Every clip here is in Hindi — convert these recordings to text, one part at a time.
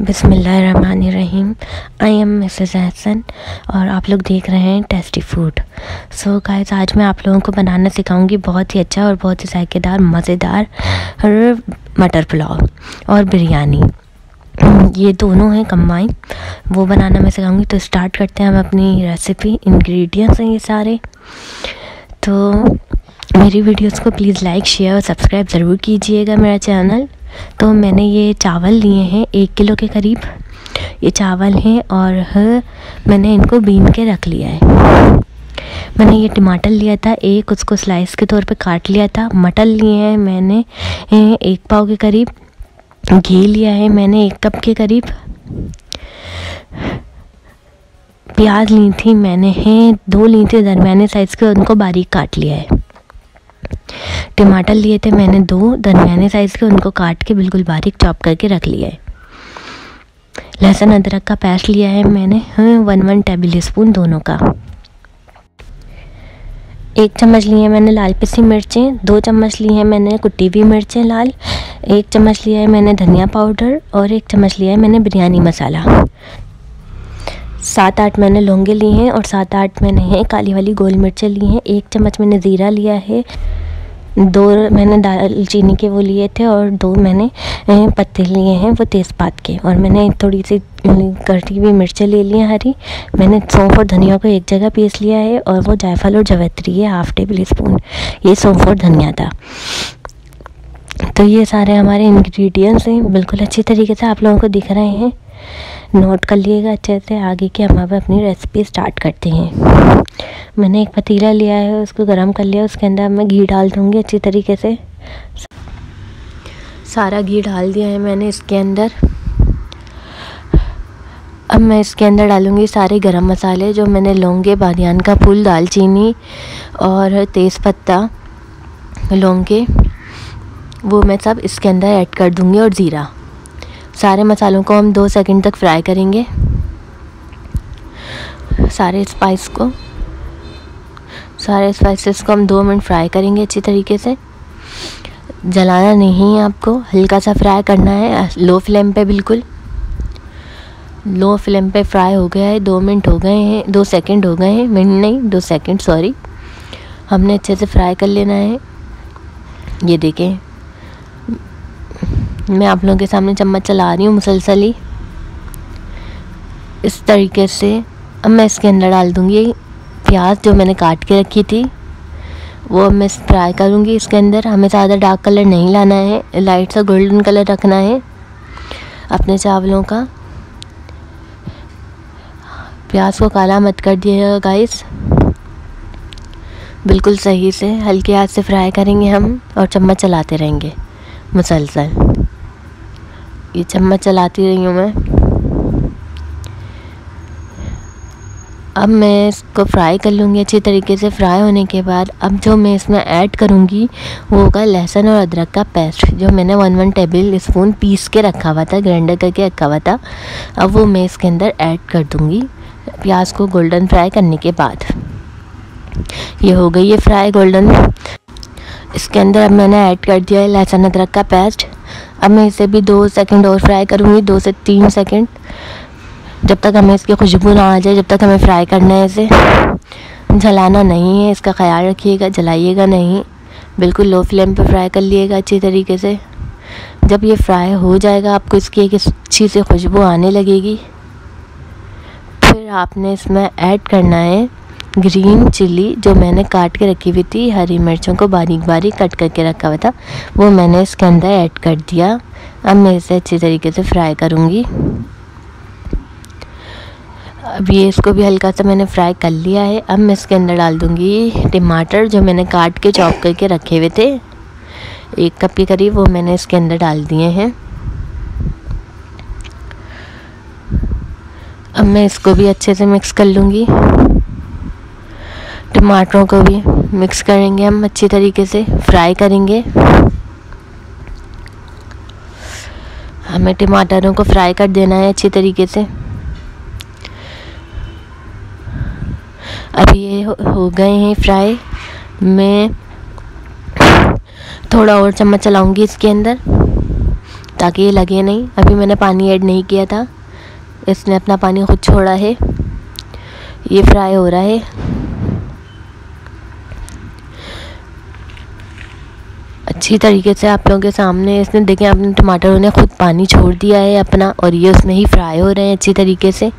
Rahim I am Mrs Ehsan और आप लोग देख रहे हैं tasty food so so guys आज मैं आप लोगों को बनाना सिखाऊंगी बहुत ही अच्छा और बहुत ही जायकेदार मज़ेदार मटर पुलाव और बिरयानी ये दोनों हैं कम्बाइन वो बनाना मैं सिखाऊंगी तो स्टार्ट करते हैं हम अपनी रेसिपी इंग्रेडिएंट्स हैं ये सारे तो मेरी वीडियोस को प्लीज़ लाइक शेयर और सब्सक्राइब ज़रूर कीजिएगा मेरा चैनल तो मैंने ये चावल लिए हैं एक किलो के करीब ये चावल हैं और मैंने इनको बीन के रख लिया है मैंने ये टमाटर लिया था एक उसको स्लाइस के तौर पे काट लिया था मटर लिए हैं मैंने एक पाव के करीब घी लिया है मैंने एक कप के करीब प्याज ली थी मैंने हैं दो ली थी दरमियाने साइज़ के उनको बारीक काट लिया है टमाटर लिए थे मैंने दो दरमियाने साइज़ के उनको काट के बिल्कुल बारीक चॉप करके रख लिया है लहसुन अदरक का पेस्ट लिया है मैंने वन वन टेबल स्पून दोनों का एक चम्मच लिए हैं मैंने लाल पिसी मिर्चें दो चम्मच लिए हैं मैंने कुटी हुई मिर्चें लाल एक चम्मच लिया है मैंने धनिया पाउडर और एक चम्मच लिया है मैंने बिरयानी मसाला सात आठ मैंने लौंगे लिए हैं और सात आठ मैंने हैं काली वाली गोल मिर्चें ली हैं एक चम्मच मैंने ज़ीरा लिया है दो मैंने दालचीनी के वो लिए थे और दो मैंने पत्ते लिए हैं वो तेज़पात के और मैंने थोड़ी सी कटी हुई मिर्चें ले ली हैं हरी मैंने सौंफ और धनिया को एक जगह पीस लिया है और वो जायफल और जवैत्री है हाफ़ टेबल स्पून ये सौंफ और धनिया था तो ये सारे हमारे इंग्रेडिएंट्स हैं बिल्कुल अच्छी तरीके से आप लोगों को दिख रहे हैं नोट कर लिएगा अच्छे से आगे की हम अब अपनी रेसिपी स्टार्ट करते हैं मैंने एक पतीला लिया है उसको गर्म कर लिया उसके अंदर मैं घी डाल दूँगी अच्छी तरीके से सारा घी डाल दिया है मैंने इसके अंदर अब मैं इसके अंदर डालूंगी सारे गरम मसाले जो मैंने लौंगे बादियान का फूल दालचीनी और तेज़पत्ता लौंगे वो मैं सब इसके अंदर ऐड कर दूँगी और ज़ीरा सारे मसालों को हम दो सेकंड तक फ्राई करेंगे सारे स्पाइस को सारे स्पाइसेस को हम दो मिनट फ्राई करेंगे अच्छी तरीके से जलाना नहीं है आपको हल्का सा फ्राई करना है लो फ्लेम पे बिल्कुल लो फ्लेम पे फ्राई हो गया है दो मिनट हो गए हैं दो सेकंड हो गए हैं मिनट नहीं दो सेकंड सॉरी हमने अच्छे से फ्राई कर लेना है ये देखें मैं आप लोगों के सामने चम्मच चला रही हूँ मुसलसल ही इस तरीके से अब मैं इसके अंदर डाल दूँगी प्याज जो मैंने काट के रखी थी वो अब मैं फ्राई करूँगी इसके अंदर हमें ज़्यादा डार्क कलर नहीं लाना है लाइट सा गोल्डन कलर रखना है अपने चावलों का प्याज को काला मत कर दिएगा गाइस बिल्कुल सही से हल्के हाथ से फ्राई करेंगे हम और चम्मच चलाते रहेंगे मुसलसल ये चम्मच चलाती रही हूँ मैं अब मैं इसको फ्राई कर लूँगी अच्छी तरीके से फ्राई होने के बाद अब जो मैं इसमें ऐड करूँगी वो होगा लहसुन और अदरक का पेस्ट जो मैंने वन वन टेबल स्पून पीस के रखा हुआ था ग्राइंडर करके रखा हुआ था अब वो मैं इसके अंदर ऐड कर दूँगी प्याज को गोल्डन फ्राई करने के बाद ये हो गई ये फ्राई गोल्डन इसके अंदर अब मैंने ऐड कर दिया है लहसुन अदरक का पेस्ट अब मैं इसे भी दो सेकंड और फ्राई करूँगी दो से तीन सेकंड जब तक हमें इसकी खुशबू ना आ जाए जब तक हमें फ्राई करना है इसे जलाना नहीं है इसका ख्याल रखिएगा जलाइएगा नहीं बिल्कुल लो फ्लेम पर फ्राई कर लिएगा अच्छी तरीके से जब ये फ्राई हो जाएगा आपको इसकी एक अच्छी से खुशबू आने लगेगी फिर आपने इसमें ऐड करना है ग्रीन चिल्ली जो मैंने काट के रखी हुई थी हरी मिर्चों को बारीक बारीक कट करके रखा हुआ था वो मैंने इसके अंदर ऐड कर दिया अब मैं इसे अच्छी तरीके से फ्राई करूँगी अब ये इसको भी हल्का सा मैंने फ्राई कर लिया है अब मैं इसके अंदर डाल दूँगी टमाटर जो मैंने काट के चॉप करके रखे हुए थे एक कप के करीब वो मैंने इसके अंदर डाल दिए हैं अब मैं इसको भी अच्छे से मिक्स कर लूँगी टमाटरों को भी मिक्स करेंगे हम अच्छी तरीके से फ्राई करेंगे हमें टमाटरों को फ्राई कर देना है अच्छी तरीके से अब ये हो गए हैं फ्राई मैं थोड़ा और चम्मच चलाऊंगी इसके अंदर ताकि ये लगे नहीं अभी मैंने पानी ऐड नहीं किया था इसने अपना पानी खुद छोड़ा है ये फ्राई हो रहा है अच्छी तरीके से आप लोगों के सामने इसने देखें आपने टमाटरों ने खुद पानी छोड़ दिया है अपना और ये उसमें ही फ्राई हो रहे हैं अच्छी तरीके से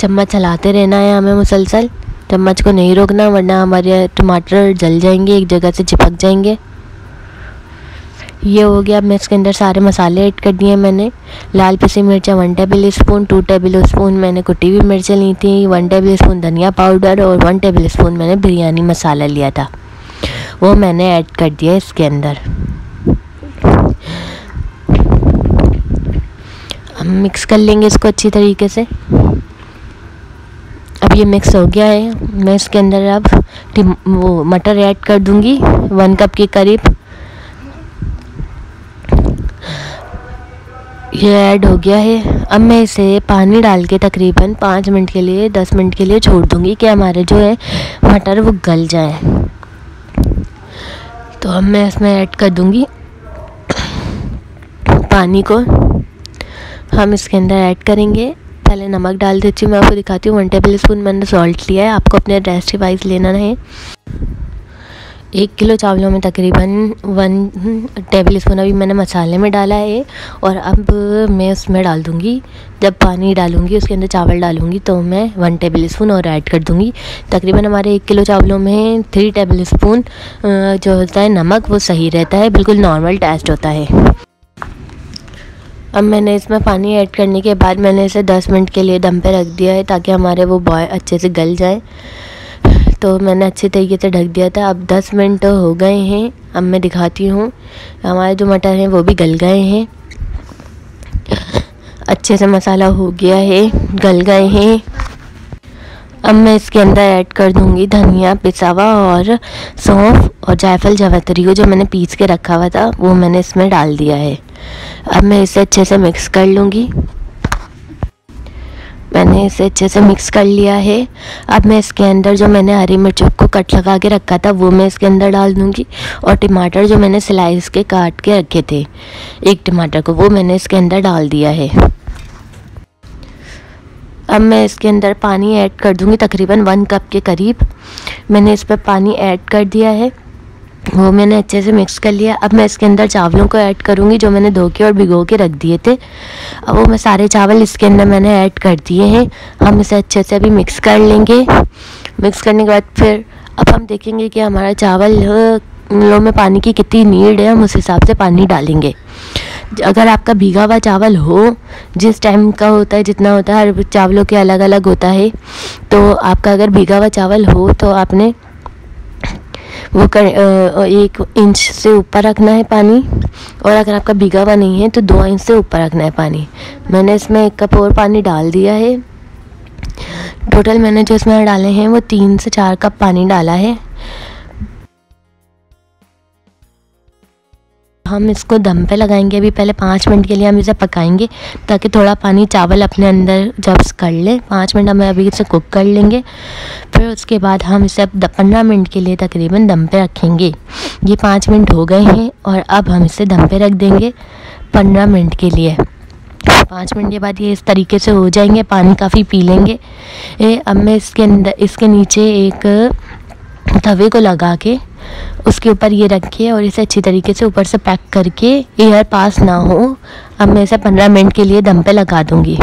चम्मच चलाते रहना है हमें मुसलसल चम्मच को नहीं रोकना वरना हमारे टमाटर जल जाएंगे एक जगह से चिपक जाएंगे ये हो गया अब मैं इसके अंदर सारे मसाले ऐड कर दिए मैंने लाल पिसी मिर्चा one tablespoon two tablespoon मैंने कुटी हुई मिर्चें ली थी वन टेबल स्पून धनिया पाउडर और वन टेबल स्पून मैंने बिरयानी मसाला लिया था वो मैंने ऐड कर दिया इसके अंदर हम मिक्स कर लेंगे इसको अच्छी तरीके से अब ये मिक्स हो गया है मैं इसके अंदर अब वो मटर ऐड कर दूंगी वन कप के करीब ये ऐड हो गया है अब मैं इसे पानी डाल के तकरीबन पाँच मिनट के लिए दस मिनट के लिए छोड़ दूंगी कि हमारे जो है मटर वो गल जाए तो अब मैं इसमें ऐड कर दूँगी पानी को हम इसके अंदर ऐड करेंगे पहले नमक डाल देती हूँ मैं आपको दिखाती हूँ वन टेबल स्पून मैंने सॉल्ट लिया है आपको अपने रेस्टिवाइज वाइज लेना है एक किलो चावलों में तकरीबन वन टेबल स्पून अभी मैंने मसाले में डाला है और अब मैं उसमें डाल दूँगी जब पानी डालूँगी उसके अंदर चावल डालूँगी तो मैं वन टेबल स्पून और ऐड कर दूँगी तकरीबन हमारे एक किलो चावलों में थ्री टेबल स्पून जो होता है नमक वो सही रहता है बिल्कुल नॉर्मल टेस्ट होता है अब मैंने इसमें पानी ऐड करने के बाद मैंने इसे दस मिनट के लिए दम पर रख दिया है ताकि हमारे वो बॉय अच्छे से गल जाए तो मैंने अच्छे तरीके से ढक दिया था अब 10 मिनट तो हो गए हैं अब मैं दिखाती हूँ हमारे जो मटर हैं वो भी गल गए हैं अच्छे से मसाला हो गया है गल गए हैं अब मैं इसके अंदर ऐड कर दूंगी धनिया पिसावा और सौंफ और जायफल जवतरी को जो मैंने पीस के रखा हुआ था वो मैंने इसमें डाल दिया है अब मैं इसे अच्छे से मिक्स कर लूँगी मैंने इसे अच्छे से मिक्स कर लिया है अब मैं इसके अंदर जो मैंने हरी मिर्च को कट लगा के रखा था वो मैं इसके अंदर डाल दूँगी और टमाटर जो मैंने स्लाइस के काट के रखे थे एक टमाटर को वो मैंने इसके अंदर डाल दिया है अब मैं इसके अंदर पानी ऐड कर दूँगी तकरीबन वन कप के करीब मैंने इस पर पानी ऐड कर दिया है वो मैंने अच्छे से मिक्स कर लिया अब मैं इसके अंदर चावलों को ऐड करूँगी जो मैंने धो के और भिगो के रख दिए थे अब वो मैं सारे चावल इसके अंदर मैंने ऐड कर दिए हैं हम इसे अच्छे से अभी मिक्स कर लेंगे मिक्स करने के बाद फिर अब हम देखेंगे कि हमारा चावल लो में पानी की कितनी नीड है हम उस हिसाब से पानी डालेंगे अगर आपका भीगा हुआ चावल हो जिस टाइम का होता है जितना होता है हर चावलों के अलग अलग होता है तो आपका अगर भीगा हुआ चावल हो तो आपने वो कर, एक इंच से ऊपर रखना है पानी और अगर आपका भिगा हुआ नहीं है तो दो इंच से ऊपर रखना है पानी मैंने इसमें एक कप और पानी डाल दिया है टोटल मैंने जो इसमें डाले हैं वो तीन से चार कप पानी डाला है हम इसको दम पे लगाएंगे अभी पहले पाँच मिनट के लिए हम इसे पकाएंगे ताकि थोड़ा पानी चावल अपने अंदर जब कर ले पाँच मिनट हम अभी इसे कुक कर लेंगे फिर उसके बाद हम इसे पंद्रह मिनट के लिए तकरीबन दम पे रखेंगे ये पाँच मिनट हो गए हैं और अब हम इसे दम पे रख देंगे पंद्रह मिनट के लिए पाँच मिनट के बाद ये इस तरीके से हो जाएंगे पानी काफ़ी पी लेंगे ए, अब मैं इसके अंदर इसके नीचे एक तवे को लगा के उसके ऊपर ये रखिए और इसे अच्छी तरीके से ऊपर से पैक करके एयर पास ना हो अब मैं इसे पंद्रह मिनट के लिए दम पे लगा दूँगी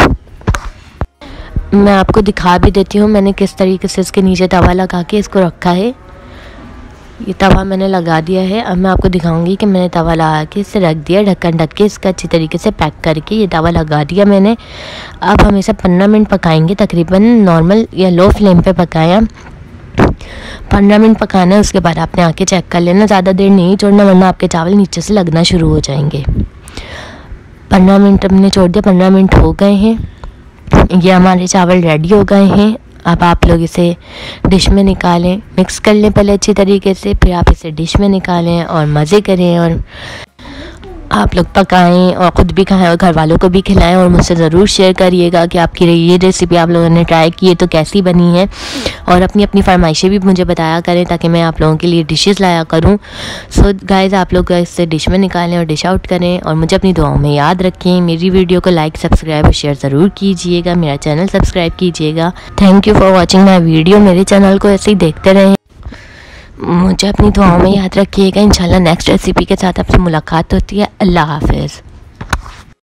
मैं आपको दिखा भी देती हूँ मैंने किस तरीके से इसके नीचे तवा लगा के इसको रखा है ये तवा मैंने लगा दिया है अब मैं आपको दिखाऊंगी कि मैंने तवा लगा के इसे रख दिया ढक्कन ढक के इसका अच्छी तरीके से पैक करके ये तवा लगा दिया मैंने अब हम इसे पंद्रह मिनट पकाएंगे तकरीबन नॉर्मल या लो फ्लेम पे पकाया पंद्रह मिनट पकाना है उसके बाद आपने आके चेक कर लेना ज़्यादा देर नहीं छोड़ना वरना आपके चावल नीचे से लगना शुरू हो जाएंगे पंद्रह मिनट हमने छोड़ दिया पंद्रह मिनट हो गए हैं ये हमारे चावल रेडी हो गए हैं अब आप लोग इसे डिश में निकालें मिक्स कर लें पहले अच्छी तरीके से फिर आप इसे डिश में निकालें और मज़े करें और आप लोग पकाएं और ख़ुद भी खाएं और घर वालों को भी खिलाएं और मुझसे ज़रूर शेयर करिएगा कि आपकी ये रेसिपी आप लोगों ने ट्राई की है तो कैसी बनी है और अपनी अपनी फरमाइशें भी मुझे बताया करें ताकि मैं आप लोगों के लिए डिशेस लाया करूं सो so, गाइस आप लोग इससे डिश में निकालें और डिश आउट करें और मुझे अपनी दुआओं में याद रखें मेरी वीडियो को लाइक सब्सक्राइब और शेयर ज़रूर कीजिएगा मेरा चैनल सब्सक्राइब कीजिएगा thank you for watching my video मेरे चैनल को ऐसे ही देखते रहें मुझे अपनी दुआओं में याद रखिएगा इंशाल्लाह नेक्स्ट रेसिपी के साथ आपसे मुलाकात होती है अल्लाह हाफिज़